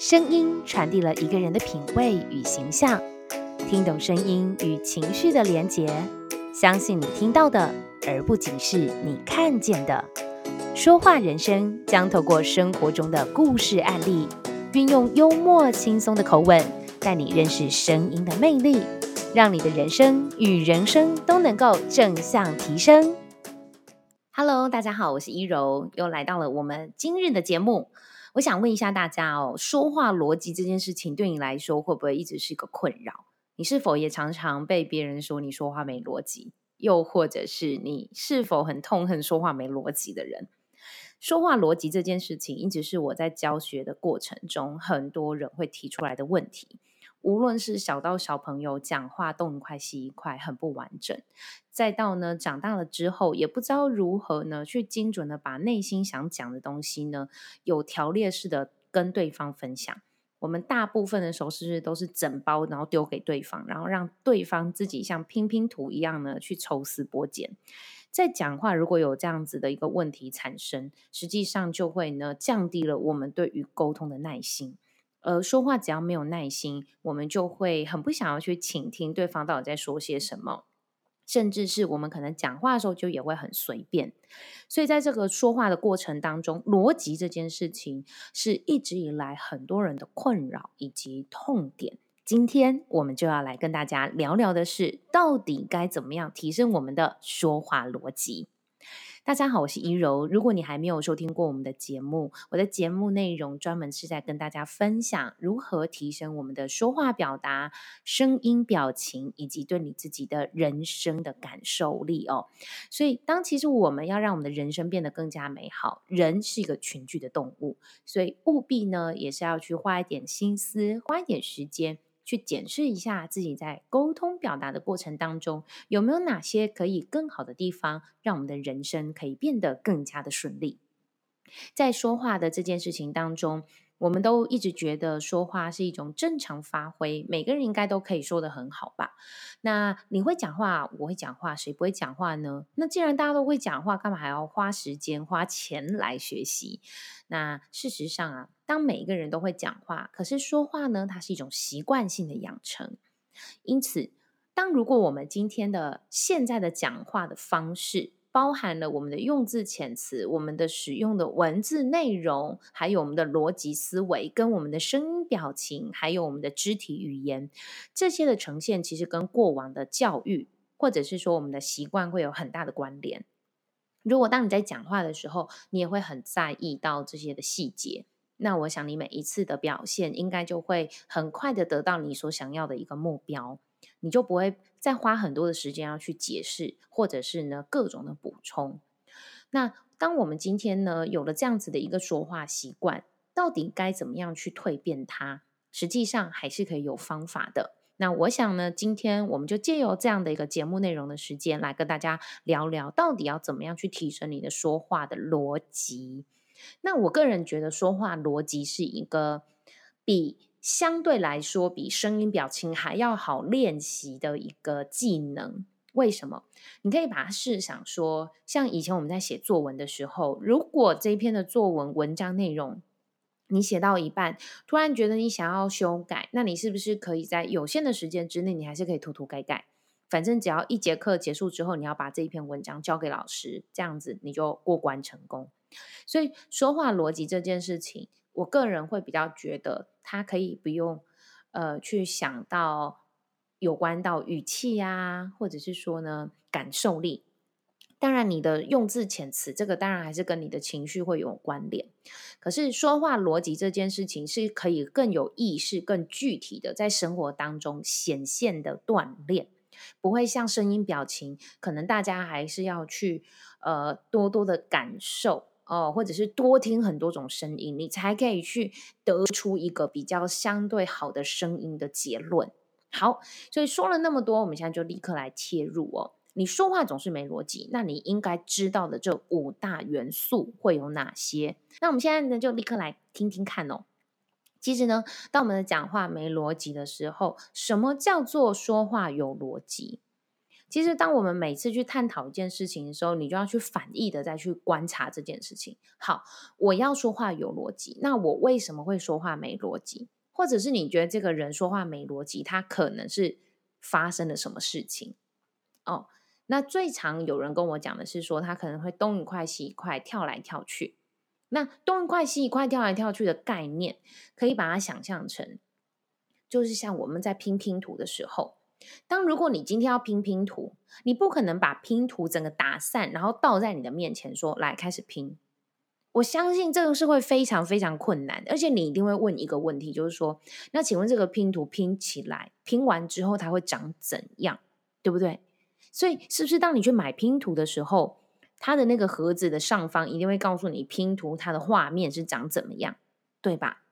聲音傳遞了一個人的品味與形象，聽懂聲音與情緒的連結，相信你聽到的，而不僅是你看見的。說話人生將透過生活中的故事案例，運用幽默輕鬆的口吻，帶你認識聲音的魅力，讓你的人生與人生都能夠正向提升。Hello，大家好，我是一柔，又來到了我們今日的節目。我想問一下大家哦，說話邏輯這件事情對你來說會不會一直是一個困擾？你是否也常常被別人說你說話沒邏輯？又或者是你是否很痛恨說話沒邏輯的人？說話邏輯這件事情一直是我在教學的過程中，很多人會提出來的問題。無論是小到小朋友講話東一塊西一塊很不完整，再到呢長大了之後也不知道如何呢去精準的把內心想講的東西呢有條列式的跟對方分享。我們大部分的時候是不是都是整包，然後丟給對方，然後讓對方自己像拼拼圖一樣呢去抽絲剝繭。在講話，如果有這樣子的一個問題產生，實際上就會呢降低了我們對於溝通的耐心。呃，而說話只要沒有耐心，我們就會很不想要去傾聽對方到底在說些什麼，甚至是我們可能講話的時候就也會很隨便。所以，在這個說話的過程當中，邏輯這件事情是一直以來很多人的困擾以及痛點。今天我們就要來跟大家聊聊的是，到底該怎麼樣提升我們的說話邏輯。大家好，我是怡柔。如果你還沒有收聽過我們的節目，我的節目內容專門是在跟大家分享如何提升我們的說話表達、聲音表情，以及對你自己的人生的感受力哦。所以，當其實我們要讓我們的人生變得更加美好，人是一個群居的動物，所以務必呢，也是要去花一點心思，花一點時間。去檢視一下自己在溝通表達的過程當中，有沒有哪些可以更好的地方，讓我們的人生可以變得更加的順利。在說話的這件事情當中，我們都一直覺得說話是一種正常發揮，每個人應該都可以說得很好吧？那你會講話，我會講話，誰不會講話呢？那既然大家都會講話，幹嘛還要花時間，花錢來學習？那事實上啊。當每一個人都會講話，可是說話呢，它是一種習慣性的養成。因此，當如果我們今天的現在的講話的方式，包含了我們的用字遣詞、我們的使用的文字內容，還有我們的邏輯思維，跟我們的聲音表情，還有我們的肢體語言，這些的呈現，其實跟過往的教育，或者是說我們的習慣會有很大的關聯。如果當你在講話的時候，你也會很在意到這些的細節。那我想，你每一次的表現應該就會很快的得到你所想要的一個目標，你就不會再花很多的時間要去解釋，或者是呢各種的補充。那當我們今天呢有了這樣子的一個說話習慣，到底該怎麼樣去蛻變它？實際上還是可以有方法的。那我想呢，今天我們就借由這樣的一個節目內容的時間，來跟大家聊聊，到底要怎麼樣去提升你的說話的邏輯。那我個人覺得說話邏輯是一個比相對來說比聲音表情還要好練習的一個技能。為什麼？你可以把它試想說，像以前我們在寫作文的時候，如果這一篇的作文文章內容你寫到一半，突然覺得你想要修改，那你是不是可以在有限的時間之內，你還是可以塗塗改改？反正只要一節課結束之後，你要把這一篇文章交給老師，這樣子你就過關成功。所以說話邏輯這件事情，我個人會比較覺得，它可以不用，呃，去想到有關到語氣啊，或者是說呢感受力。當然，你的用字遣詞這個，當然還是跟你的情緒會有關聯。可是說話邏輯這件事情是可以更有意識、更具體的，在生活當中顯現的鍛鍊，不會像聲音表情，可能大家還是要去呃多多的感受。哦，或者是多聽很多種聲音，你才可以去得出一個比較相對好的聲音的結論。好，所以說了那麼多，我們現在就立刻來切入哦。你說話總是沒邏輯，那你應該知道的這五大元素會有哪些？那我們現在呢，就立刻來聽聽看哦。其實呢，當我們的講話沒邏輯的時候，什麼叫做說話有邏輯？其實，當我們每次去探討一件事情的時候，你就要去反義的再去觀察這件事情。好，我要說話有邏輯，那我為什麼會說話沒邏輯？或者是你覺得這個人說話沒邏輯，他可能是發生了什麼事情？哦，那最常有人跟我講的是說，他可能會東一塊西一塊跳來跳去。那東一塊西一塊跳來跳去的概念，可以把它想象成，就是像我們在拼拼圖的時候。當如果你今天要拼拼圖，你不可能把拼圖整個打散，然後倒在你的面前說，來，開始拼。我相信這個是會非常非常困難，而且你一定會問一個問題，就是說，那請問這個拼圖拼起來，拼完之後它會長怎樣，對不對？所以是不是當你去買拼圖的時候，它的那個盒子的上方一定會告訴你拼圖它的畫面是長怎麼樣，對吧？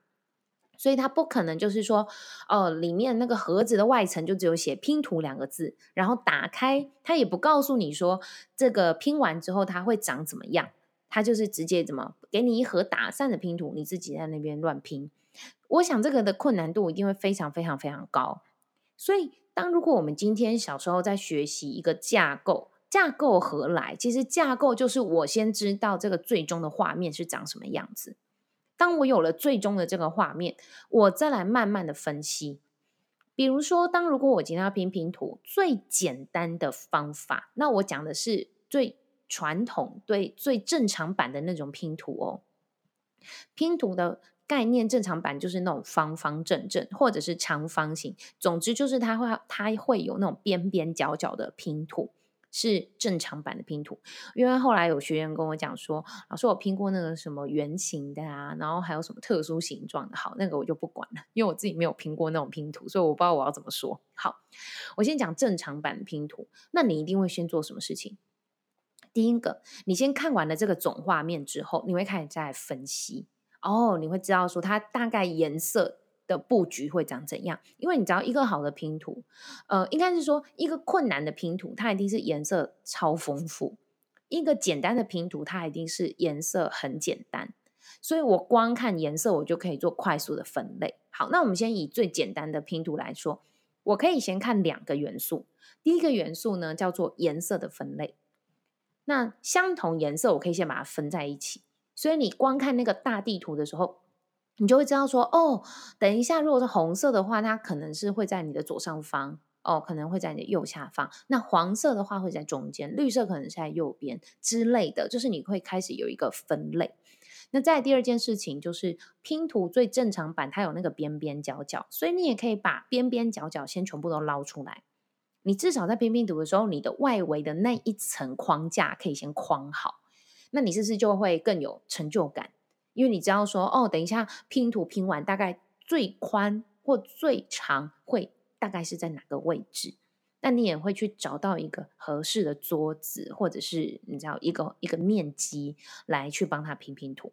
所以它不可能就是說，哦、呃，裡面那個盒子的外層就只有寫拼圖兩個字，然後打開，它也不告訴你說這個拼完之後它會長怎麼樣，它就是直接怎麼給你一盒打散的拼圖，你自己在那邊亂拼。我想這個的困難度一定會非常非常非常高。所以當如果我們今天小時候在學習一個架構，架構何來？其實架構就是我先知道這個最終的畫面是長什麼樣子。當我有了最終的這個畫面，我再來慢慢的分析。比如說，當如果我今天要拼拼圖，最簡單的方法，那我講的是最傳統，對，最正常版的那種拼圖哦。拼圖的概念，正常版就是那種方方正正，或者是長方形，總之就是它會它會有那種邊邊角角的拼圖。是正常版的拼圖，因為後來有學員跟我講說，老師我拼過那個什麼圓形的啊，然後還有什麼特殊形狀的，好，那個我就不管了，因為我自己沒有拼過那種拼圖，所以我不知道我要怎麼說。好，我先講正常版的拼圖，那你一定會先做什麼事情？第一個，你先看完了這個總畫面之後，你會開始在分析哦，你會知道說它大概顏色的佈局會長怎樣？因為你知道，一個好的拼圖，呃，應該是說一個困難的拼圖，它一定是顏色超豐富；一個簡單的拼圖，它一定是顏色很簡單。所以我光看顏色，我就可以做快速的分類。好，那我們先以最簡單的拼圖來說，我可以先看兩個元素。第一個元素呢，叫做顏色的分類。那相同顏色，我可以先把它分在一起。所以你光看那個大地圖的時候。你就會知道說哦，等一下，如果是紅色的話，它可能是會在你的左上方哦，可能會在你的右下方。那黃色的話會在中間，綠色可能是在右邊之類的。就是你會開始有一個分類。那再第二件事情就是拼圖最正常版，它有那個邊邊角角，所以你也可以把邊邊角角先全部都撈出來。你至少在拼拼圖的時候，你的外圍的那一層框架可以先框好，那你是不是就會更有成就感？因為你知道說哦，等一下拼圖拼完，大概最寬或最長會大概是在哪個位置？但你也會去找到一個合適的桌子，或者是你知道一個一個面積來去幫他拼拼圖。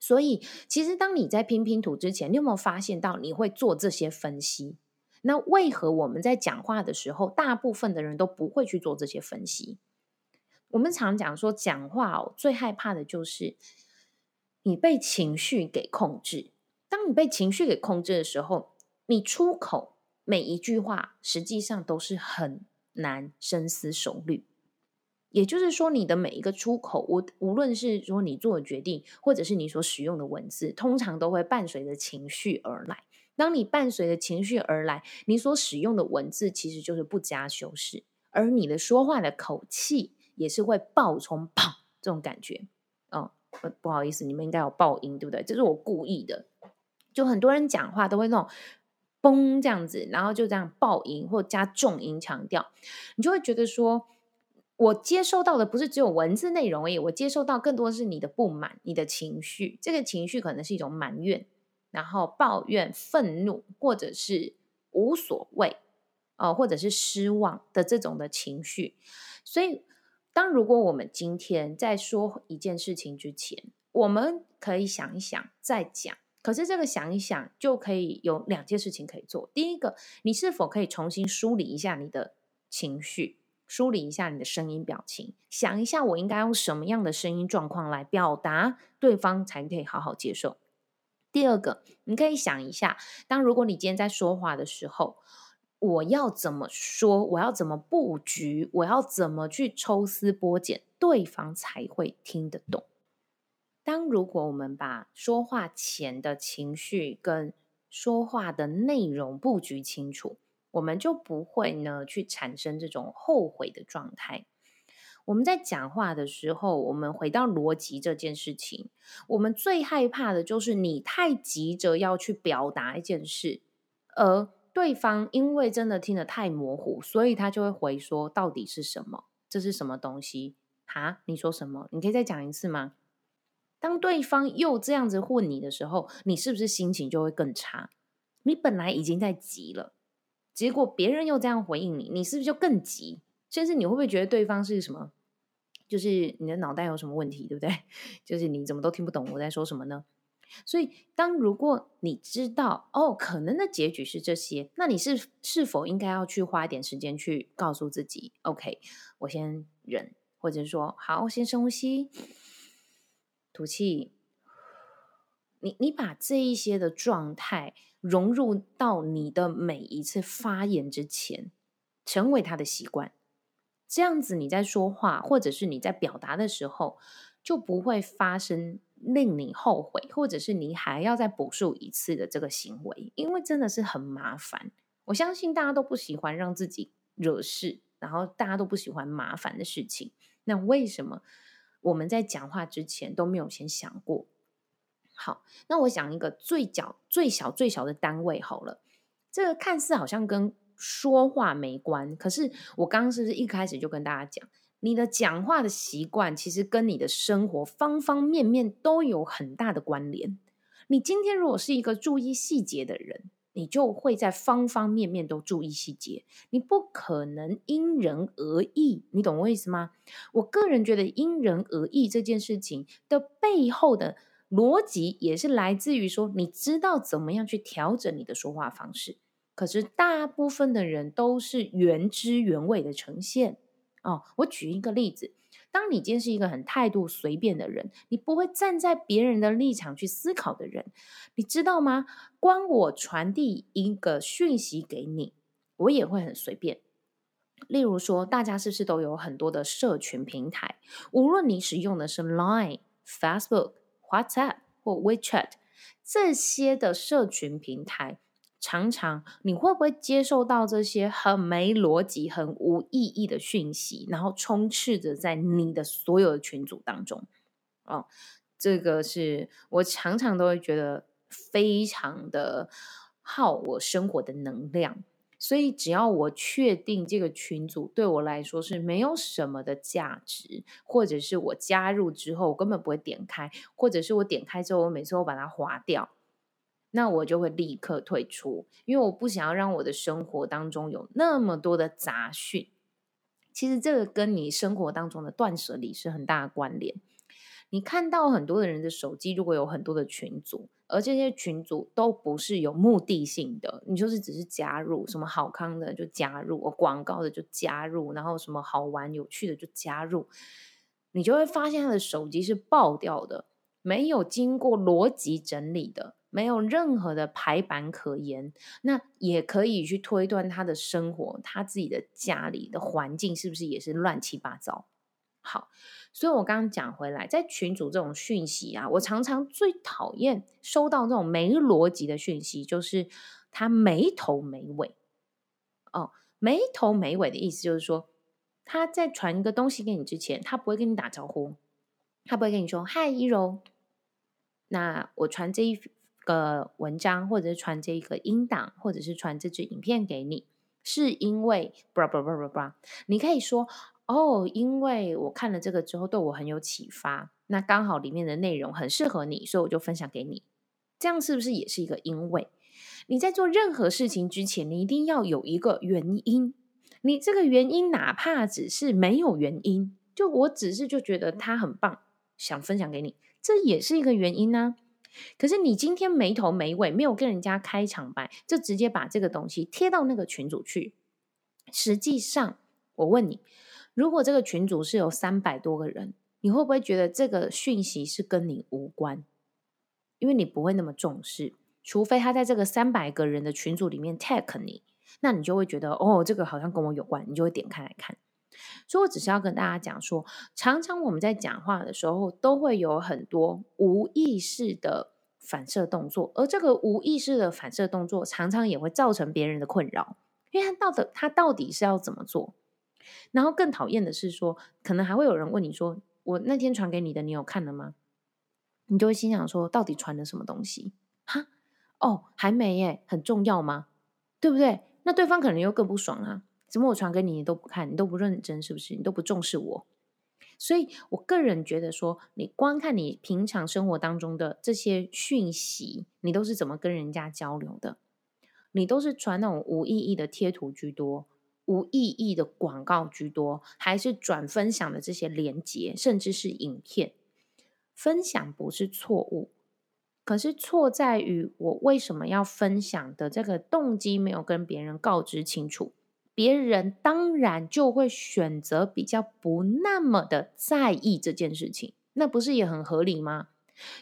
所以，其實當你在拼拼圖之前，你有沒有發現到你會做這些分析？那為何我們在講話的時候，大部分的人都不會去做這些分析？我們常講說，講話哦，最害怕的就是。你被情緒給控制。當你被情緒給控制的時候，你出口每一句話，實際上都是很難深思熟慮。也就是說，你的每一個出口，我無，無論是說你做的決定，或者是你所使用的文字，通常都會伴隨着情緒而來。當你伴隨着情緒而來，你所使用的文字其實就是不加修飾，而你的說話的口氣也是會爆衝砰、砰這種感覺。不好意思，你們應該有爆音，對不對？這是我故意的。就很多人講話都會那種嘣，這樣子，然後就這樣爆音或加重音強調，你就會覺得說，我接收到的不是只有文字內容而已，我接收到更多的是你的不滿、你的情緒。這個情緒可能是一種埋怨，然後抱怨、憤怒、或者是無所謂，哦、呃，或者是失望的這種的情緒，所以。當如果我們今天在說一件事情之前，我們可以想一想再講。可是這個想一想就可以有兩件事情可以做：第一個，你是否可以重新梳理一下你的情緒，梳理一下你的聲音表情，想一下我應該用什麼樣的聲音狀況來表達對方才可以好好接受；第二個，你可以想一下，當如果你今天在說話的時候，我要怎麼說？我要怎麼布局？我要怎麼去抽絲剝繭，對方才會聽得懂。當如果我們把說話前的情緒跟說話的內容布局清楚，我們就不會呢去產生這種後悔的狀態。我們在講話的時候，我們回到邏輯這件事情，我們最害怕的就是你太急着要去表達一件事，而。對方因為真的聽得太模糊，所以他就會回說：“到底是什麼？這是什麼東西啊？你說什麼？你可以再講一次嗎？”當對方又這樣子問你的時候，你是不是心情就會更差？你本來已經在急了，結果別人又這樣回應你，你是不是就更急？甚至你會不會覺得對方是什麼？就是你的腦袋有什麼問題，對不對？就是你怎麼都聽不懂我在說什麼呢？所以，當如果你知道哦，可能的結局是這些，那你是是否應該要去花一點時間去告訴自己，OK，我先忍，或者說好，先深呼吸，吐氣。你你把這一些的狀態融入到你的每一次發言之前，成為他的習慣。這樣子你在說話或者是你在表達的時候，就不會發生。令你後悔，或者是你還要再補述一次的這個行為，因為真的是很麻煩。我相信大家都不喜歡讓自己惹事，然後大家都不喜歡麻煩的事情。那為什麼我們在講話之前都沒有先想過？好，那我想一個最小、最小、最小的單位好了。這個看似好像跟說話沒關，可是我剛剛是不是一開始就跟大家講？你的講話的習慣其實跟你的生活方方面面都有很大的關聯。你今天如果是一個注意細節的人，你就會在方方面面都注意細節。你不可能因人而異，你懂我意思嗎？我個人覺得因人而異這件事情的背後的邏輯也是來自於說，你知道怎麼樣去調整你的說話方式。可是大部分的人都是原汁原味的呈現。哦，我舉一個例子，當你今天是一個很態度隨便的人，你不會站在別人的立場去思考的人，你知道嗎？光我傳遞一個訊息給你，我也會很隨便。例如說，大家是不是都有很多的社群平台？無論你使用的是 Line、Facebook、WhatsApp 或 WeChat 這些的社群平台。常常你會不會接受到這些很沒邏輯、很無意義的訊息，然後充斥着在你的所有的群組當中？哦，這個是我常常都會覺得非常的耗我生活的能量。所以，只要我確定這個群組對我來說是沒有什麼的價值，或者是我加入之後我根本不會點開，或者是我點開之後我每次都把它劃掉。那我就會立刻退出，因為我不想要讓我的生活當中有那麼多的雜訊。其實這個跟你生活當中的斷捨離是很大的關聯。你看到很多的人的手機，如果有很多的群組，而這些群組都不是有目的性的，你就是只是加入什麼好康的就加入，哦，廣告的就加入，然後什麼好玩有趣的就加入，你就會發現他的手機是爆掉的，沒有經過邏輯整理的。沒有任何的排版可言，那也可以去推斷他的生活，他自己的家裡的環境是不是也是亂七八糟？好，所以我剛剛講回來，在群組這種訊息啊，我常常最討厭收到這種沒邏輯的訊息，就是他沒頭沒尾。哦，沒頭沒尾的意思就是說，他在傳一個東西給你之前，他不會跟你打招呼，他不會跟你說“嗨，一柔”，那我傳這一個文章，或者是傳這一個音檔，或者是傳這支影片給你，是因為，叭叭叭叭叭，你可以說，哦，因為我看了這個之後對我很有啟發，那剛好裡面的內容很適合你，所以我就分享給你，這樣是不是也是一個因為？你在做任何事情之前，你一定要有一個原因，你這個原因哪怕只是沒有原因，就我只是就覺得它很棒，想分享給你，這也是一個原因呢、啊。可是你今天沒頭沒尾，沒有跟人家開場白，就直接把這個東西貼到那個群組去。實際上，我問你，如果這個群組是有三百多個人，你會不會覺得這個訊息是跟你無關？因為你不會那麼重視，除非他在這個三百個人的群組裡面 tag 你，那你就會覺得哦，這個好像跟我有關，你就會點開來看。所以我只是要跟大家講說，常常我們在講話的時候，都會有很多無意識的反射動作，而這個無意識的反射動作，常常也會造成別人的困擾。因為他到底他到底是要怎麼做？然後更討厭的是說，可能還會有人問你說：“我那天傳給你的，你有看了嗎？”你就會心想說：“到底傳了什麼東西？哈？哦，還沒耶，很重要嗎？對不對？”那對方可能又更不爽啊。怎麼我傳給你，你都不看，你都不認真，是不是？你都不重視我。所以我個人覺得說，說你光看你平常生活當中的這些訊息，你都是怎麼跟人家交流的？你都是傳那種無意義的貼圖居多，無意義的廣告居多，還是轉分享的這些連接，甚至是影片？分享不是錯誤，可是錯在於我為什麼要分享的這個動機沒有跟別人告知清楚。別人當然就會選擇比較不那麼的在意這件事情，那不是也很合理嗎？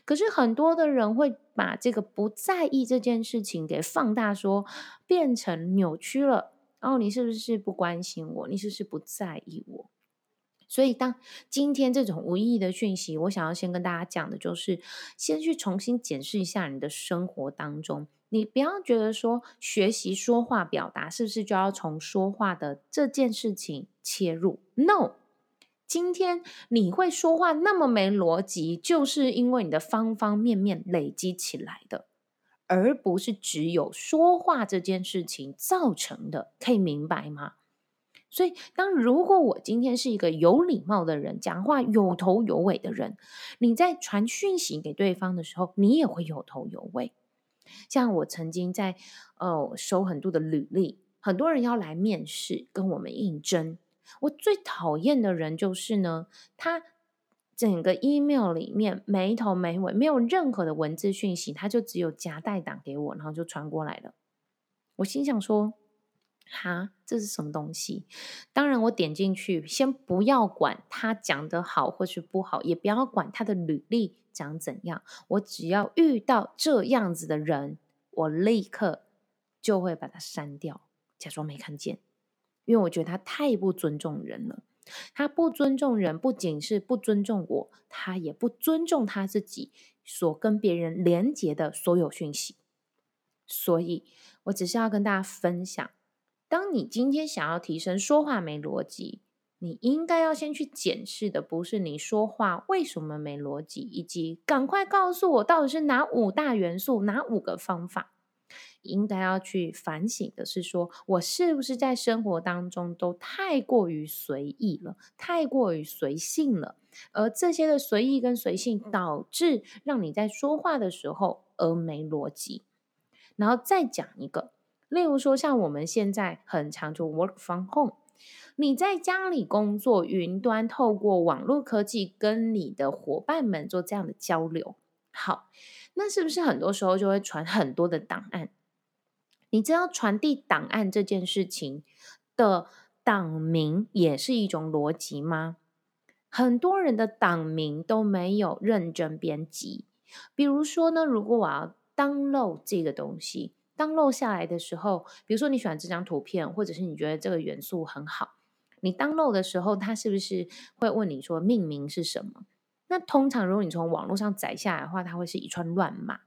可是很多的人會把這個不在意這件事情給放大說，說變成扭曲了。哦，你是不是不關心我？你是不是不在意我？所以，當今天這種無意義的訊息，我想要先跟大家講的就是，先去重新檢視一下你的生活當中，你不要覺得說學習說話表達是不是就要從說話的這件事情切入？No，今天你會說話那麼沒邏輯，就是因為你的方方面面累積起來的，而不是只有說話這件事情造成的。可以明白嗎？所以，當如果我今天是一個有禮貌的人，講話有頭有尾的人，你在傳訊息給對方的時候，你也會有頭有尾。像我曾經在呃、哦、收很多的履歷，很多人要來面試跟我們應徵。我最討厭的人就是呢，他整個 email 裡面沒頭沒尾，沒有任何的文字訊息，他就只有夾帶檔給我，然後就傳過來了。我心想說。哈，這是什麼東西？當然，我點進去，先不要管他講得好或是不好，也不要管他的履歷講怎樣。我只要遇到這樣子的人，我立刻就會把他刪掉，假裝沒看見。因為我覺得他太不尊重人了。他不尊重人，不僅是不尊重我，他也不尊重他自己所跟別人連接的所有訊息。所以，我只是要跟大家分享。當你今天想要提升說話沒邏輯，你應該要先去檢視的不是你說話為什麼沒邏輯，以及趕快告訴我到底是哪五大元素、哪五個方法，應該要去反省的是說，說我是不是在生活當中都太過於隨意了、太過於隨性了，而這些的隨意跟隨性導致讓你在說話的時候而沒邏輯，然後再講一個。例如說，像我們現在很常做 work from home，你在家裡工作，雲端透過網絡科技跟你的夥伴們做這樣的交流。好，那是不是很多時候就會傳很多的檔案？你知道傳遞檔案這件事情的檔名也是一種邏輯嗎？很多人的檔名都沒有認真編輯。比如說呢，如果我要 download 這個東西。download 下來的時候，比如說你喜歡這張圖片，或者是你覺得這個元素很好，你 download 的時候，它是不是會問你說命名是什麼？那通常如果你從網絡上載下來的話，它會是一串亂碼。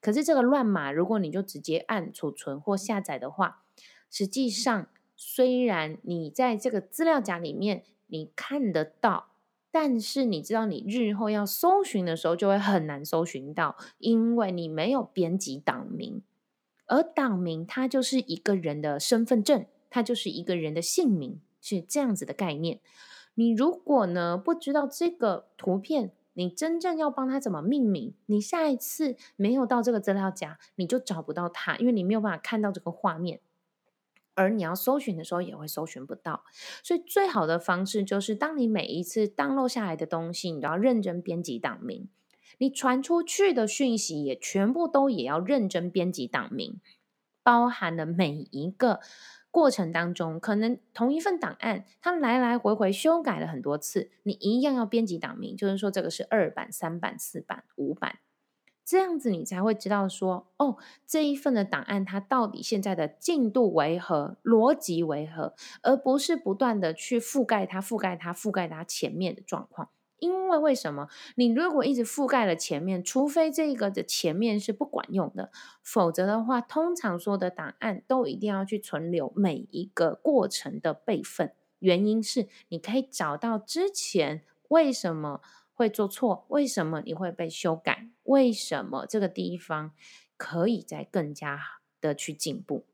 可是這個亂碼，如果你就直接按儲存或下載的話，實際上雖然你在這個資料夾裡面你看得到，但是你知道你日後要搜尋的時候就會很難搜尋到，因為你沒有編輯檔名。而檔名，它就是一個人的身份證，它就是一個人的姓名，是這樣子的概念。你如果呢，不知道這個圖片，你真正要幫它怎麼命名，你下一次沒有到這個資料夾，你就找不到它，因為你沒有辦法看到這個畫面，而你要搜尋的時候也會搜尋不到。所以最好的方式就是，當你每一次 download 下來的東西，你都要認真編輯檔名。你傳出去的訊息也全部都也要認真編輯檔名，包含了每一個過程當中，可能同一份檔案它來來回回修改了很多次，你一樣要編輯檔名，就是說這個是二版、三版、四版、五版，這樣子你才會知道說哦，這一份的檔案它到底現在的進度為何、邏輯為何，而不是不斷的去覆蓋它、覆蓋它、覆蓋它前面的狀況。因為為什麼？你如果一直覆蓋了前面，除非這個的前面是不管用的，否則的話，通常說的檔案都一定要去存留每一個過程的備份。原因是你可以找到之前為什麼會做錯，為什麼你會被修改，為什麼這個地方可以再更加的去進步。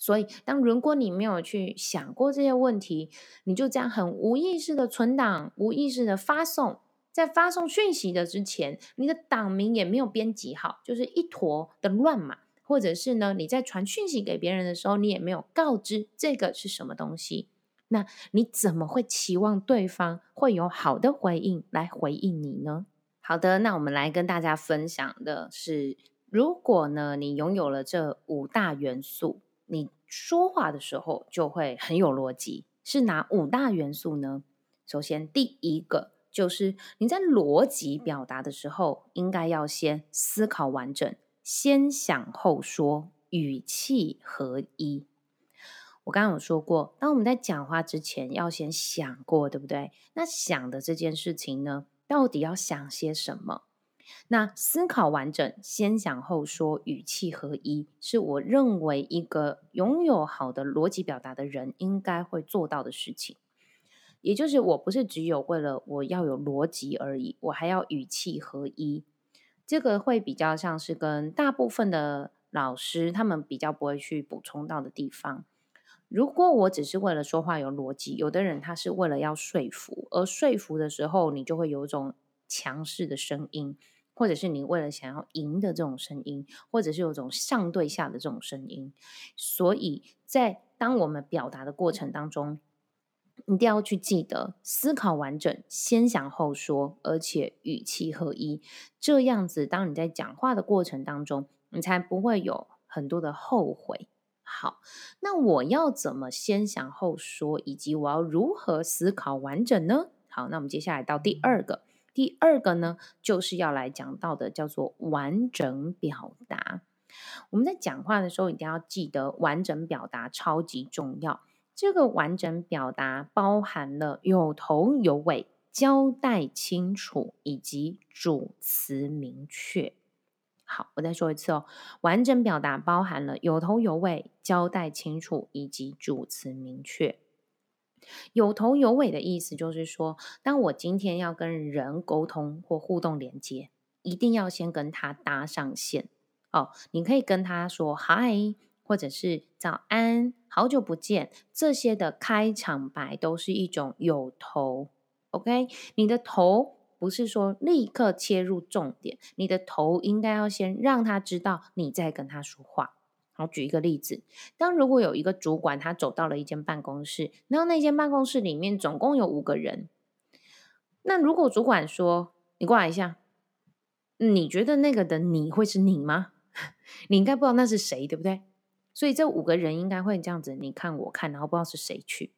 所以，當如果你沒有去想過這些問題，你就這樣很無意識的存檔、無意識的發送，在發送訊息的之前，你的檔名也沒有編輯好，就是一坨的亂碼，或者是呢，你在傳訊息給別人的時候，你也沒有告知這個是什麼東西，那你怎麼會期望對方會有好的回應來回應你呢？好的，那我們來跟大家分享的是，如果呢，你擁有了這五大元素。你說話的時候就會很有邏輯，是哪五大元素呢？首先，第一個就是你在邏輯表達的時候，應該要先思考完整，先想後說，語氣合一。我剛剛有說過，當我們在講話之前要先想過，對不對？那想的這件事情呢，到底要想些什麼？那思考完整，先想後說，語氣合一，是我認為一個擁有好的邏輯表達的人應該會做到的事情。也就是，我不是只有為了我要有邏輯而已，我還要語氣合一。這個會比較像是跟大部分的老師他們比較不會去補充到的地方。如果我只是為了說話有邏輯，有的人他是為了要說服，而說服的時候，你就會有一種強勢的聲音。或者是你為了想要贏的這種聲音，或者是有種上對下的這種聲音，所以在當我們表達的過程當中，你一定要去記得思考完整，先想後說，而且語氣合一。這樣子，當你在講話的過程當中，你才不會有很多的後悔。好，那我要怎麼先想後說，以及我要如何思考完整呢？好，那我們接下來到第二個。第二個呢，就是要來講到的，叫做完整表達。我們在講話的時候，一定要記得完整表達，超級重要。這個完整表達包含了有頭有尾、交代清楚以及主詞明確。好，我再說一次哦，完整表達包含了有頭有尾、交代清楚以及主詞明確。有頭有尾的意思就是說，當我今天要跟人溝通或互動連接，一定要先跟他搭上線哦。你可以跟他說嗨，或者是早安，好久不見這些的開場白都是一種有頭。OK，你的頭不是說立刻切入重點，你的頭應該要先讓他知道你在跟他說話。我舉一個例子，當如果有一個主管他走到了一間辦公室，然後那間辦公室裡面總共有五個人，那如果主管說你過來一下，你覺得那個的你會是你嗎？你應該不知道那是誰，對不對？所以這五個人應該會這樣子，你看我看，然後不知道是誰去。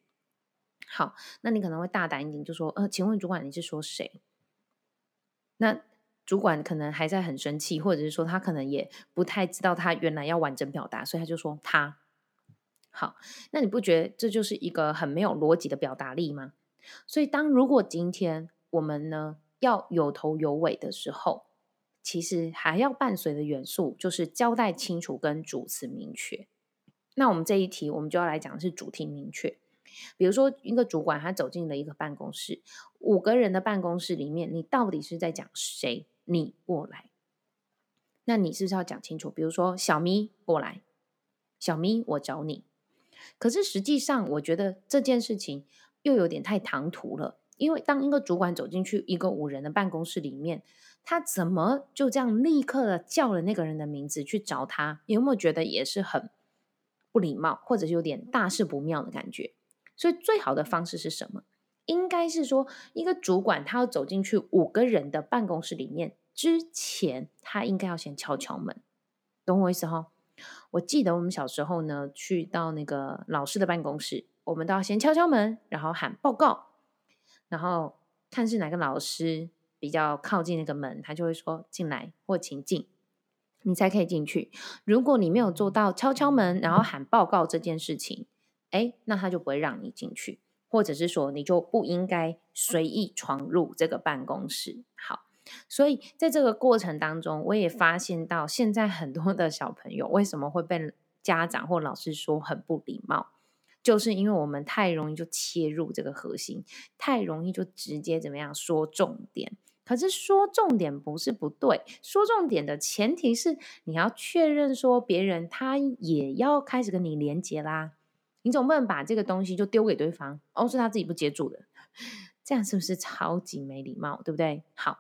好，那你可能會大膽一點，就說呃，請問主管你是說誰？那。主管可能還在很生氣，或者是說他可能也不太知道他原來要完整表達，所以他就說他好。那你不覺得這就是一個很沒有邏輯的表達力嗎？所以當如果今天我們呢要有頭有尾的時候，其實還要伴隨的元素就是交代清楚跟主詞明確。那我們這一題我們就要來講的是主題明確，比如說一個主管他走進了一個辦公室。五個人的辦公室裡面，你到底是在講誰？你過來，那你是不是要講清楚？比如說，小咪，過來，小咪，我找你。可是實際上，我覺得這件事情又有點太唐突了。因為當一個主管走進去一個五人的辦公室裡面，他怎麼就這樣立刻的叫了那個人的名字去找他？有沒有覺得也是很不禮貌，或者是有點大事不妙的感覺？所以，最好的方式是什麼？應該是說，一個主管他要走進去五個人的辦公室裡面之前，他應該要先敲敲門，懂我意思哈？我記得我們小時候呢，去到那個老師的辦公室，我們都要先敲敲門，然後喊報告，然後看是哪個老師比較靠近那個門，他就會說進來或請進，你才可以進去。如果你沒有做到敲敲門，然後喊報告這件事情，哎，那他就不會讓你進去。或者是說你就不應該隨意闖入這個辦公室。好，所以在這個過程當中，我也發現到現在很多的小朋友為什麼會被家長或老師說很不禮貌，就是因為我們太容易就切入這個核心，太容易就直接怎麼樣說重點。可是說重點不是不對，說重點的前提是你要確認說別人他也要開始跟你連結啦。你總不能把這個東西就丟給對方，哦，是他自己不接住的，這樣是不是超級沒禮貌？對不對？好，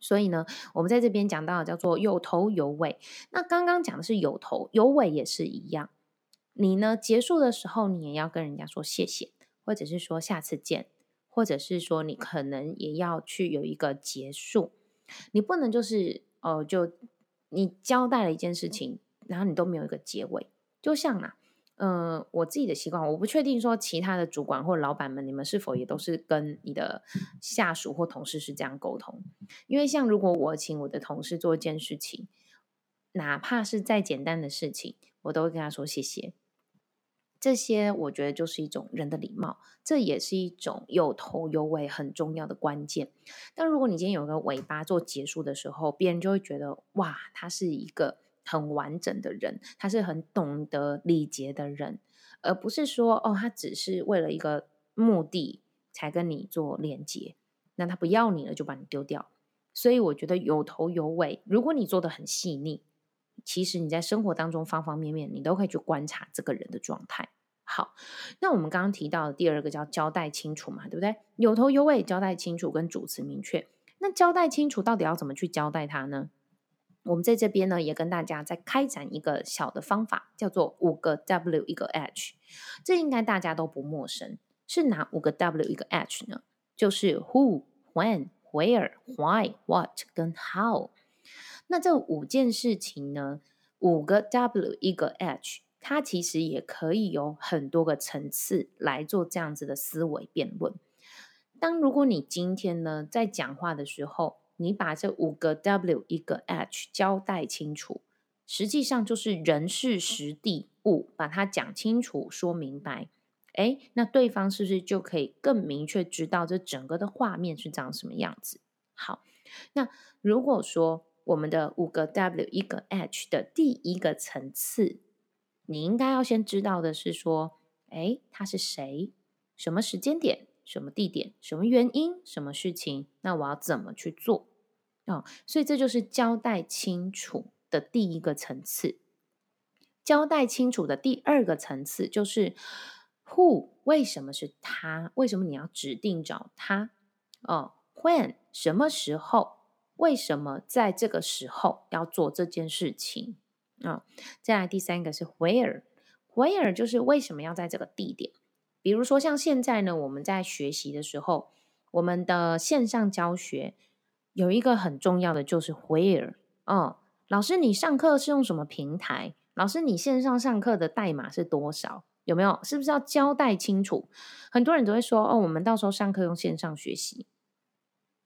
所以呢，我們在這邊講到的叫做有頭有尾。那剛剛講的是有頭有尾也是一樣，你呢，結束的時候，你也要跟人家說謝謝，或者是說下次見，或者是說你可能也要去有一個結束。你不能就是哦，就你交代了一件事情，然後你都沒有一個結尾，就像啊。嗯，我自己的習慣，我不確定說其他的主管或老闆們，你們是否也都是跟你的下屬或同事是這樣溝通？因為像如果我請我的同事做一件事情，哪怕是再簡單的事情，我都會跟他說謝謝。這些我覺得就是一種人的禮貌，這也是一種有頭有尾很重要的關鍵。但如果你今天有個尾巴做結束的時候，別人就會覺得哇，他是一個。很完整的人，他是很懂得禮節的人，而不是說哦，他只是為了一個目的才跟你做連接，那他不要你了，就把你丟掉。所以我覺得有頭有尾，如果你做的很細膩，其實你在生活當中方方面面，你都可以去觀察這個人的狀態。好，那我們剛剛提到的第二個叫交代清楚嘛，對不對？有頭有尾、交代清楚跟主次明確。那交代清楚到底要怎麼去交代他呢？我們在這邊呢，也跟大家在開展一個小的方法，叫做五個 W 一個 H。這應該大家都不陌生，是哪五個 W 一個 H 呢？就是 Who、When、Where、Why、What 跟 How。那這五件事情呢，五個 W 一個 H，它其實也可以有很多個層次來做這樣子的思維辯論。當如果你今天呢在講話的時候，你把這五個 W 一個 H 交代清楚，實際上就是人、事、時、地、物，把它講清楚、說明白。哎，那對方是不是就可以更明確知道這整個的畫面是長什麼樣子？好，那如果說我們的五個 W 一個 H 的第一個層次，你應該要先知道的是說，哎，他是誰？什麼時間點？什麼地點？什麼原因？什麼事情？那我要怎麼去做？哦，所以這就是交代清楚的第一個層次。交代清楚的第二個層次就是 who 為什麼是他？為什麼你要指定找他？哦，when 什麼時候？為什麼在這個時候要做這件事情？啊、哦，再來第三個是 where，where where 就是為什麼要在這個地點？比如說像現在呢，我們在學習的時候，我們的線上教學。有一個很重要的就是 where，哦，老師你上課是用什麼平台？老師你線上上課的代碼是多少？有沒有？是不是要交代清楚？很多人都會說，哦，我們到時候上課用線上學習，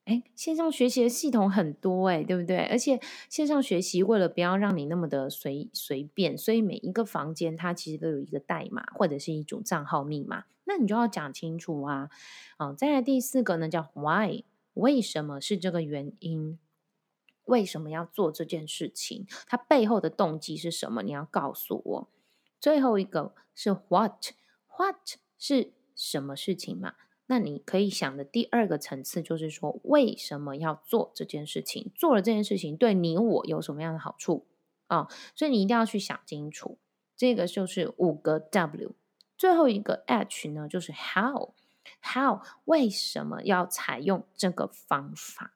誒，線上學習的系統很多誒，欸，對不對？而且線上學習為了不要讓你那麼的隨隨便，所以每一個房間它其實都有一個代碼或者是一組賬號密碼，那你就要講清楚啊。哦，再來第四個呢，叫 why。為什麼是這個原因？為什麼要做這件事情？它背後的動機是什麼？你要告訴我。最後一個是 what，what what 是什麼事情嘛？那你可以想的第二個層次就是說，為什麼要做這件事情？做了這件事情對你我有什麼樣的好處？啊，哦，所以你一定要去想清楚。這個就是五個 W，最後一個 H 呢，就是 how。How？為什麼要採用這個方法？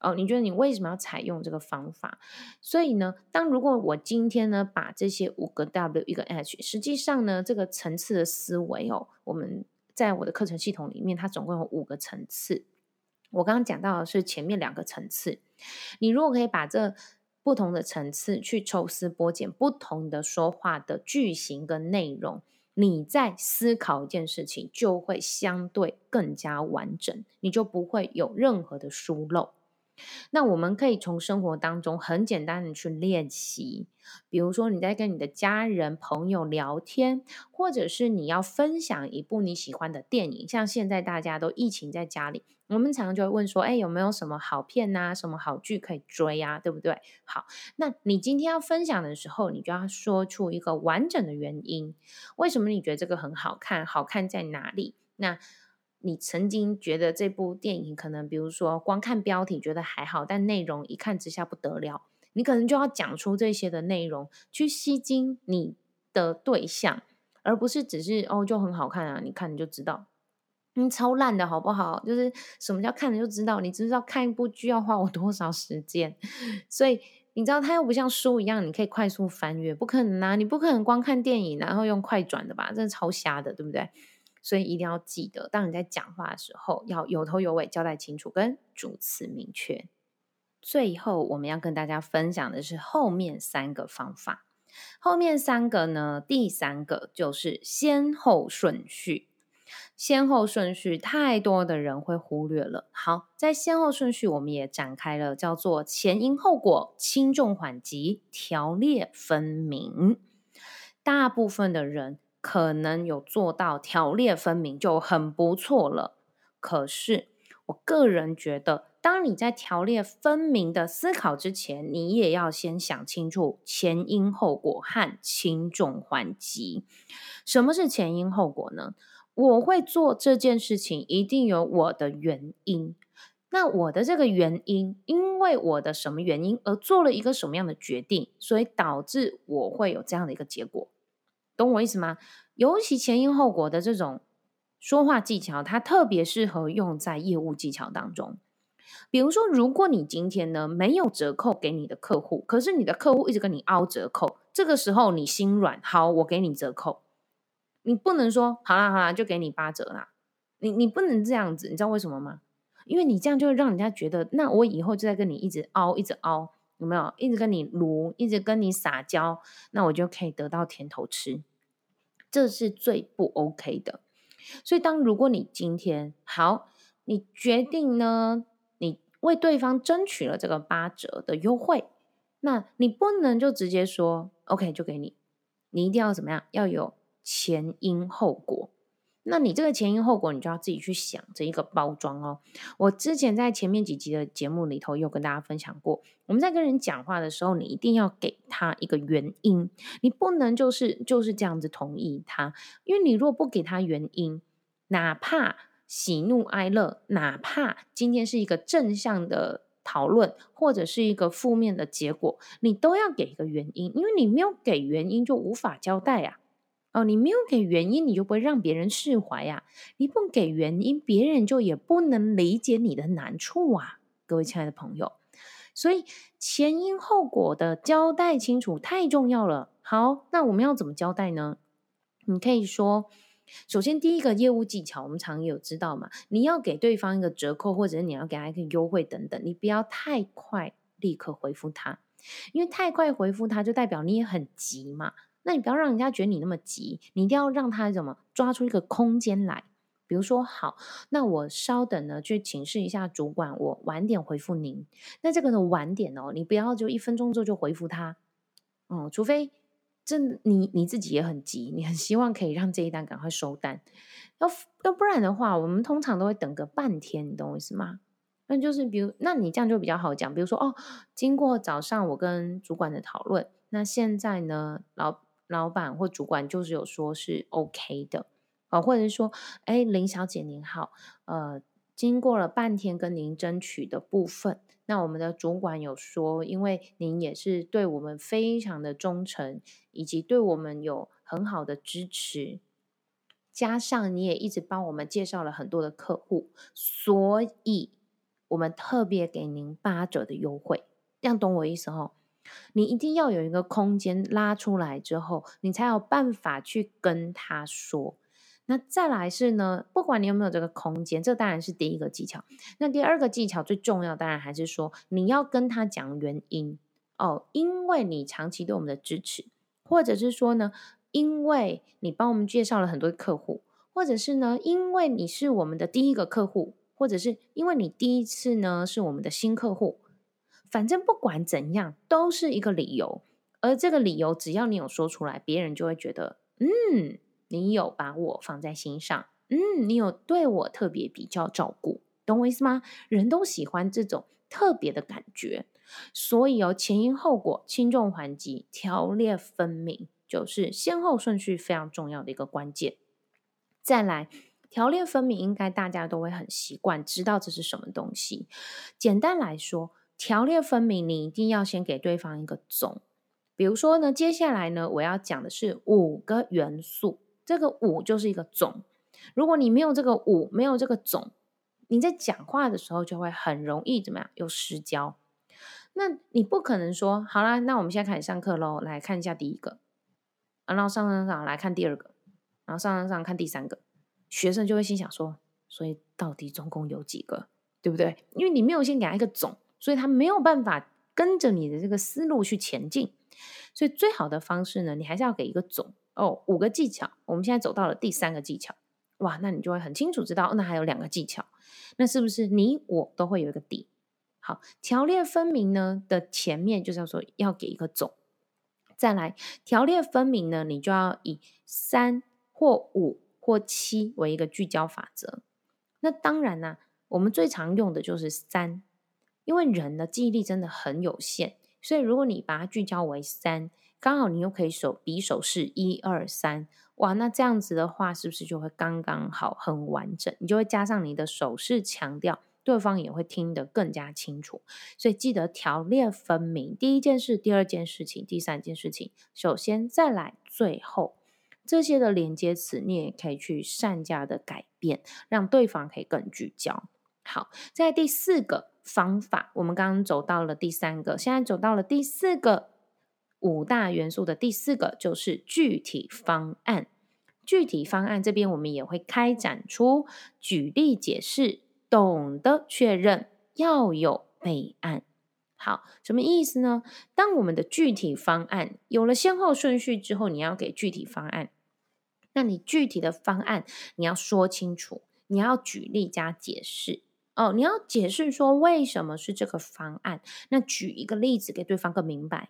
哦，你覺得你為什麼要採用這個方法？所以呢，當如果我今天呢，把這些五個 W 一個 H，實際上呢，這個層次的思維哦，我們在我的課程系統裡面，它總共有五個層次。我剛剛講到的是前面兩個層次。你如果可以把這不同的層次去抽絲剝繭，不同的說話的句型跟內容。你在思考一件事情，就會相對更加完整，你就不會有任何的疏漏。那我們可以從生活當中很簡單的去練習，比如說你在跟你的家人、朋友聊天，或者是你要分享一部你喜歡的電影，像現在大家都疫情在家裡。我們常常就會問說，哎、欸，有沒有什麼好片吶、啊？什麼好劇可以追啊？對不對？好，那你今天要分享的時候，你就要說出一個完整的原因，為什麼你覺得這個很好看？好看在哪裡？那你曾經覺得這部電影可能，比如說光看標題覺得還好，但內容一看之下不得了，你可能就要講出這些的內容，去吸睛你的對象，而不是只是哦就很好看啊，你看你就知道。嗯、超爛的好不好？就是什麼叫看了就知道？你知不知道看一部劇要花我多少時間？所以你知道它又不像書一樣，你可以快速翻閱，不可能啊，你不可能光看電影然後用快轉的吧？真是超瞎的，對不對？所以一定要記得，當你在講話的時候要有頭有尾，交代清楚，跟主次明確。最後，我們要跟大家分享的是後面三個方法。後面三個呢？第三個就是先後順序。先後順序太多的人會忽略了。好，在先後順序，我們也展開了，叫做前因後果、輕重緩急、條列分明。大部分的人可能有做到條列分明就很不錯了。可是，我個人覺得，當你在條列分明的思考之前，你也要先想清楚前因後果和輕重緩急。什麼是前因後果呢？我會做這件事情，一定有我的原因。那我的這個原因，因為我的什麼原因而做了一個什麼樣的決定，所以導致我會有這樣的一個結果。懂我意思嗎？尤其前因後果的這種說話技巧，它特別適合用在業務技巧當中。比如說，如果你今天呢沒有折扣給你的客戶，可是你的客戶一直跟你凹折扣，這個時候你心軟，好，我給你折扣。你不能說好啦，好啦，就給你八折啦，你你不能這樣子，你知道為什麼嗎？因為你這樣就會讓人家覺得，那我以後就在跟你一直凹一直凹，有沒有？一直跟你盧，一直跟你撒嬌，那我就可以得到甜頭吃，這是最不 OK 的。所以，當如果你今天好，你決定呢，你為對方爭取了這個八折的優惠，那你不能就直接說 OK 就給你，你一定要怎麼樣？要有。前因後果，那你這個前因後果，你就要自己去想這一個包裝哦。我之前在前面幾集的節目裡頭，有跟大家分享過，我們在跟人講話的時候，你一定要給他一個原因，你不能就是就是這樣子同意他，因為你若不給他原因，哪怕喜怒哀樂，哪怕今天是一個正向的討論，或者是一個負面的結果，你都要給一個原因，因為你沒有給原因，就無法交代啊。哦，你沒有給原因，你就不會讓別人釋懷呀。你不給原因，別人就也不能理解你的難處啊，各位親愛的朋友。所以前因後果的交代清楚太重要了。好，那我們要怎麼交代呢？你可以說，首先第一個業務技巧，我們常有知道嘛，你要給對方一個折扣，或者是你要給他一個優惠等等，你不要太快立刻回復他，因為太快回復他就代表你也很急嘛。那你不要讓人家覺得你那麼急，你一定要讓他怎麼抓出一個空間來。比如說，好，那我稍等呢，去請示一下主管，我晚點回覆您。那這個的晚點哦，你不要就一分鐘之後就回覆他，哦、嗯，除非這你你自己也很急，你很希望可以讓這一單趕快收單。要要不然的話，我們通常都會等個半天，你懂我意思嗎？那就是比如，那你這樣就比較好講。比如說，哦，經過早上我跟主管的討論，那現在呢，老。老闆或主管就是有說是 OK 的，啊、哦，或者是說，哎，林小姐您好，呃，經過了半天跟您爭取的部分，那我們的主管有說，因為您也是對我們非常的忠誠，以及對我們有很好的支持，加上你也一直幫我們介紹了很多的客戶，所以我們特別給您八折的優惠，這樣懂我的意思哦？你一定要有一個空間拉出來之後，你才有辦法去跟他說。那再來是呢，不管你有沒有這個空間，這當然是第一個技巧。那第二個技巧最重要，當然還是說你要跟他講原因哦，因為你長期對我們的支持，或者是說呢，因為你幫我們介紹了很多客戶，或者是呢，因為你是我們的第一個客戶，或者是因為你第一次呢，是我們的新客戶。反正不管怎樣，都是一個理由。而這個理由，只要你有說出來，別人就會覺得，嗯，你有把我放在心上，嗯，你有對我特別比較照顧，懂我意思嗎？人都喜歡這種特別的感覺。所以哦，前因後果、輕重緩急、條列分明，就是先後順序非常重要的一個關鍵。再來，條列分明，應該大家都會很習慣，知道這是什麼東西。簡單來說。條列分明，你一定要先給對方一個總。比如說呢，接下來呢，我要講的是五個元素，這個五就是一個總。如果你沒有這個五，沒有這個總，你在講話的時候就會很容易怎麼樣，又失焦。那你不可能說，好啦，那我們現在開始上課嘍，來看一下第一個，然後上上上來看第二個，然後上上上看第三個，學生就會心想說，所以到底總共有幾個，對不對？因為你沒有先給他一個總。所以他沒有辦法跟着你的這個思路去前進，所以最好的方式呢，你還是要給一個總。哦，五個技巧。我們現在走到了第三個技巧，哇，那你就會很清楚知道，那還有兩個技巧，那是不是你我都會有一個底？好，條列分明呢的前面就是要說要給一個總，再來條列分明呢，你就要以三或五或七為一個聚焦法則。那當然呢，啊，我們最常用的就是三。因為人的記憶力真的很有限，所以如果你把它聚焦為三，剛好你又可以手比手勢一二三，哇，那這樣子的話是不是就會剛剛好很完整？你就會加上你的手勢強調，對方也會聽得更加清楚。所以記得條列分明，第一件事，第二件事情，第三件事情，首先再來最後，這些的連接詞你也可以去善加的改變，讓對方可以更聚焦。好，在第四個方法，我們剛剛走到了第三個，現在走到了第四個五大元素的第四個，就是具體方案。具體方案這邊我們也會開展出舉例解釋，懂得確認要有備案。好，什麼意思呢？當我們的具體方案有了先後順序之後，你要給具體方案，那你具體的方案你要說清楚，你要舉例加解釋。哦，你要解釋說為什麼是這個方案，那舉一個例子給對方個明白。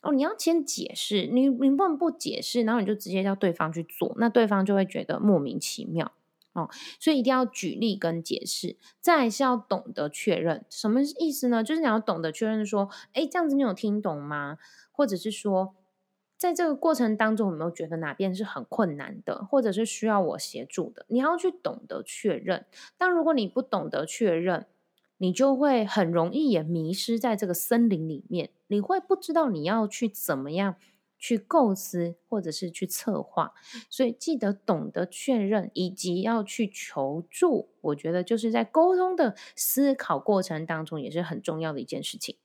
哦，你要先解釋，你你不能不解釋，然後你就直接叫對方去做，那對方就會覺得莫名其妙。哦，所以一定要舉例跟解釋，再來是要懂得確認，什麼意思呢？就是你要懂得確認說，哎，這樣子你有聽懂嗎？或者是說。在這個過程當中，有沒有覺得哪邊是很困難的，或者是需要我協助的？你要去懂得確認。但如果你不懂得確認，你就會很容易也迷失在這個森林裡面，你會不知道你要去怎麼樣去構思，或者是去策劃。所以記得懂得確認，以及要去求助，我覺得就是在溝通的思考過程當中也是很重要的一件事情。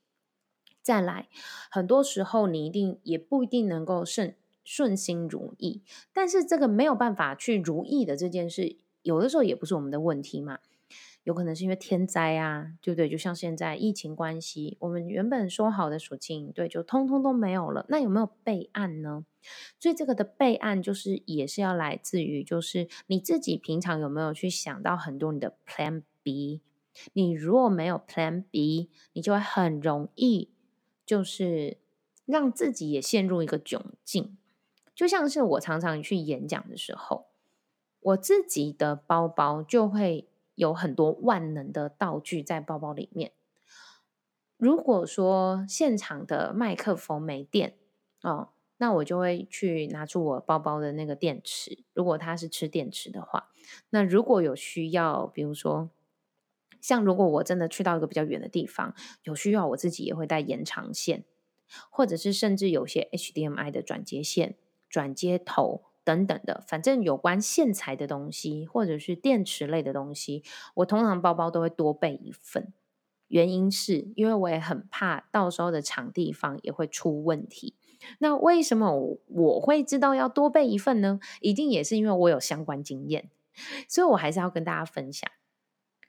再來，很多時候你一定也不一定能夠順順心如意，但是這個沒有辦法去如意的這件事，有的時候也不是我們的問題嘛，有可能是因為天災啊，對不對？就像現在疫情關係，我們原本說好的屬性，對，就通通都沒有了。那有沒有備案呢？所以這個的備案，就是也是要來自於，就是你自己平常有沒有去想到很多你的 Plan B？你如果沒有 Plan B，你就會很容易。就是讓自己也陷入一個窘境，就像是我常常去演講的時候，我自己的包包就會有很多萬能的道具在包包裡面。如果說現場的麥克風沒電，哦，那我就會去拿出我包包的那個電池，如果它是吃電池的話，那如果有需要，比如說。像如果我真的去到一個比較遠的地方，有需要我自己也會帶延長線，或者是甚至有些 HDMI 的轉接線、轉接頭等等的，反正有關線材的東西或者是電池類的東西，我通常包包都會多備一份。原因是因為我也很怕到時候的場地方也會出問題。那為什麼我會知道要多備一份呢？一定也是因為我有相關經驗，所以我還是要跟大家分享。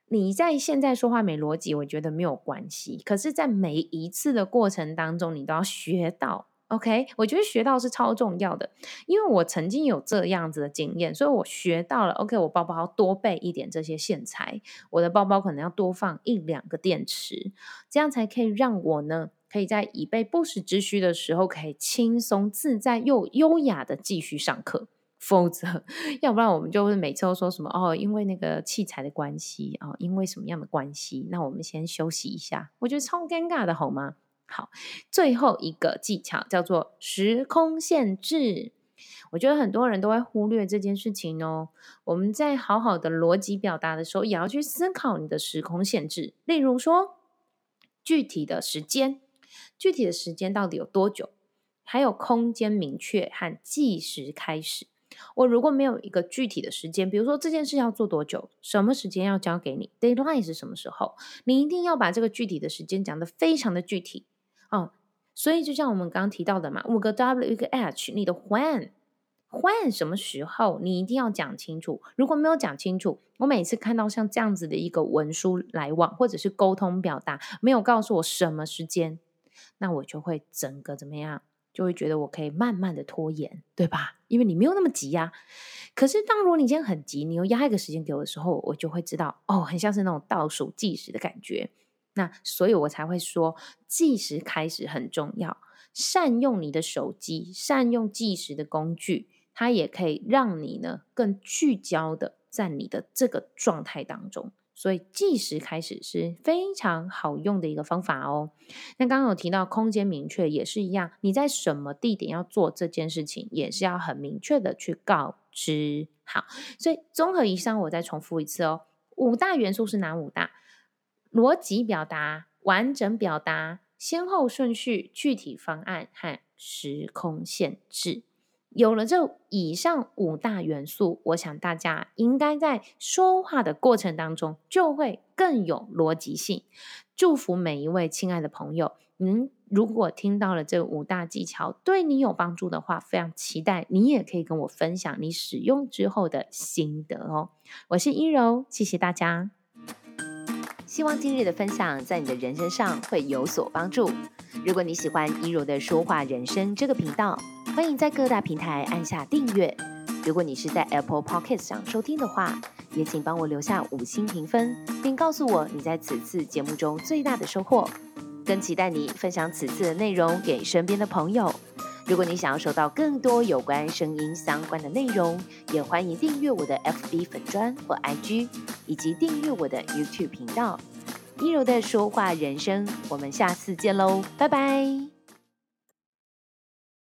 你在現在說話沒邏輯，我覺得沒有關係。可是，在每一次的過程當中，你都要學到，OK？我覺得學到是超重要的，因為我曾經有這樣子的經驗，所以我學到了。OK，我包包要多備一點這些線材，我的包包可能要多放一兩個電池，這樣才可以讓我呢，可以在以備不時之需的時候，可以輕鬆自在又優雅的繼續上課。否則，要不然我們就是每次都說什麼哦，因為那個器材的關係哦，因為什麼樣的關係，那我們先休息一下。我覺得超尷尬的，好嗎？好，最後一個技巧叫做時空限制。我覺得很多人都會忽略這件事情哦。我們在好好的邏輯表達的時候，也要去思考你的時空限制。例如說，具體的時間，具體的時間到底有多久？還有空間明確和計時開始。我如果沒有一個具體的時間，比如說，這件事要做多久，什麼時間要交給你，deadline 是什麼時候，你一定要把這個具體的時間講得非常的具體哦。所以就像我們剛剛提到的嘛，五個 W 一個 H，你的 when，when when 什麼時候，你一定要講清楚。如果沒有講清楚，我每次看到像這樣子的一個文書來往或者是溝通表達，沒有告訴我什麼時間，那我就會整個怎麼樣？就會覺得我可以慢慢的拖延，對吧？因為你沒有那麼急呀。可是，當如果你今天很急，你又壓一個時間給我的時候，我就會知道，哦，很像是那種倒數計時的感覺。那所以，我才會說，計時開始很重要。善用你的手機，善用計時的工具，它也可以讓你呢更聚焦的在你的這個狀態當中。所以計時開始是非常好用的一個方法哦。那剛剛有提到空間明確也是一樣，你在什麼地點要做這件事情，也是要很明確的去告知。好，所以綜合以上，我再重複一次哦，五大元素是哪五大？邏輯表達、完整表達、先後順序、具體方案和時空限制。有了這以上五大元素，我想大家應該在說話的過程當中就會更有邏輯性。祝福每一位親愛的朋友，您、嗯、如果聽到了這五大技巧對你有幫助的話，非常期待你也可以跟我分享你使用之後的心得哦。我是一柔，謝謝大家。希望今日的分享在你的人生上會有所幫助。如果你喜歡一柔的說話人生這個頻道。歡迎在各大平台按下訂閱。如果你是在 Apple Podcast 上收聽的話，也請幫我留下五星評分，並告訴我你在此次節目中最大的收穫。更期待你分享此次的內容給身邊的朋友。如果你想要收到更多有關聲音相關的內容，也歡迎訂閱我的 FB 粉專或 IG，以及訂閱我的 YouTube 頻道。溫柔的說話人生，我們下次見嘍，拜拜。